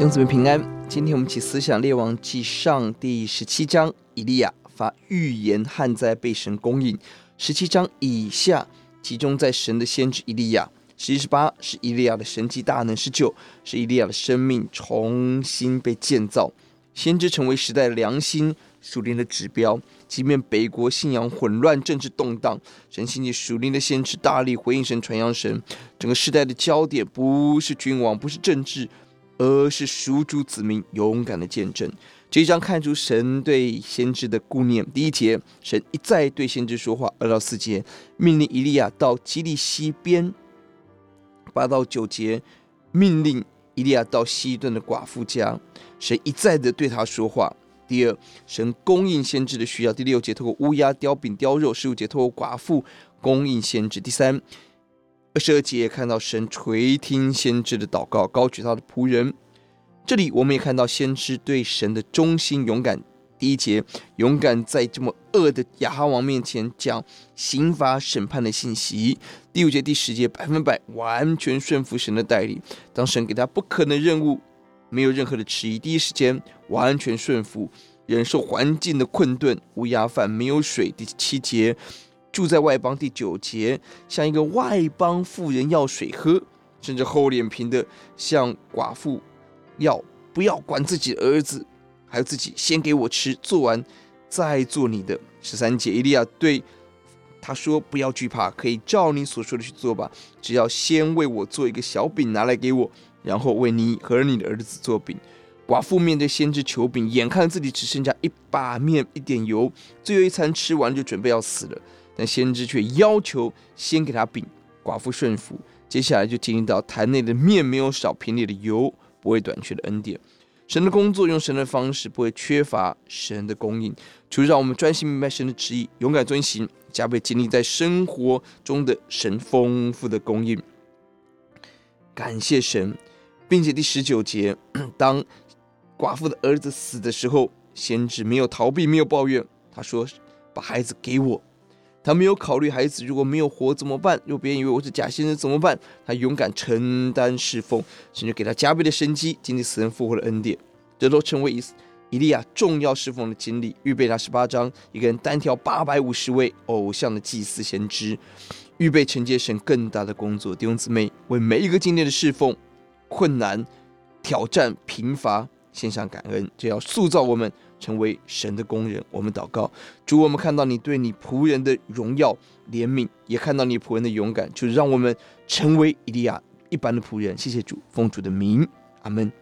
永子們平安。今天我們一起思想列王記上第十七章，以利亞發預言旱災被神供應。十七章以下，集中在神的先知以利亞。十七、十八是以利亞的神蹟大能，十九是以利亞的生命重新被建造。先知成為時代良心，屬靈的指標。即便北國信仰混亂，政治動盪，神興起屬靈的先知，大力回應神傳揚神。整個時代的焦點不是君王，不是政治。而是屬主子民勇敢的見證。這一章看出神對先知的顧念。第一節，神一再對先知說話；二到四節，命令以利亞到基利溪邊；八到九節，命令以利亞到西頓的寡婦家。神一再的對他說話。第二，神供應先知的需要。第六節，透過烏鴉叼餅叼肉；十五節，透過寡婦供應先知。第三。二十二節看到神垂聽先知的禱告，高舉他的僕人。這裡我們也看到先知對神的忠心、勇敢。第一節，勇敢在這麼惡的亞哈王面前講刑罰審判的信息。第五節、第十節，百分百完全順服神的帶領。當神給他不可能任務，沒有任何的遲疑，第一時間完全順服，忍受環境的困頓、烏鴉飯沒有水。第七節。住在外邦，第九節，向一個外邦婦人要水喝，甚至厚臉皮的向寡婦要不要管自己兒子，還有自己先給我吃，做完再做你的。十三節以利亞對他說：“不要懼怕，可以照你所說的去做吧，只要先為我做一個小餅拿來給我，然後為你和你的兒子做餅。”寡婦面對先知求餅，眼看自己只剩下一把麵一點油，最後一餐吃完就準備要死了。但先知卻要求先給他餅，寡婦順服。接下來就提醒到壇內的麵沒有少，瓶裡的油不會短缺的恩典。神的工作用神的方式不會缺乏神的供應。求讓我們專心明白神的旨意，勇敢遵行，加倍經歷在生活中的神豐富的供應。感謝神，並且第十九節，當寡婦的兒子死的時候，先知沒有逃避，沒有抱怨，他說：“把孩子給我。”他沒有考慮孩子如果沒有活怎麼辦？又別人以為我是假先知怎麼辦？他勇敢承擔侍奉，甚至給他加倍的生機，經歷死人復活的恩典，這都成為以利亞重要侍奉的經歷。預備那十八章，一個人單挑八百五十位偶像的祭司先知，預備承接神更大的工作。弟兄姊妹，為每一個經歷的侍奉困難、挑戰、貧乏，獻上感恩，這要塑造我們。成為神的工人。我們禱告，主，我們看到你對你僕人的榮耀憐憫，也看到你僕人的勇敢，就讓我們成為以利亞一般的僕人。謝謝主，奉主的名，阿門。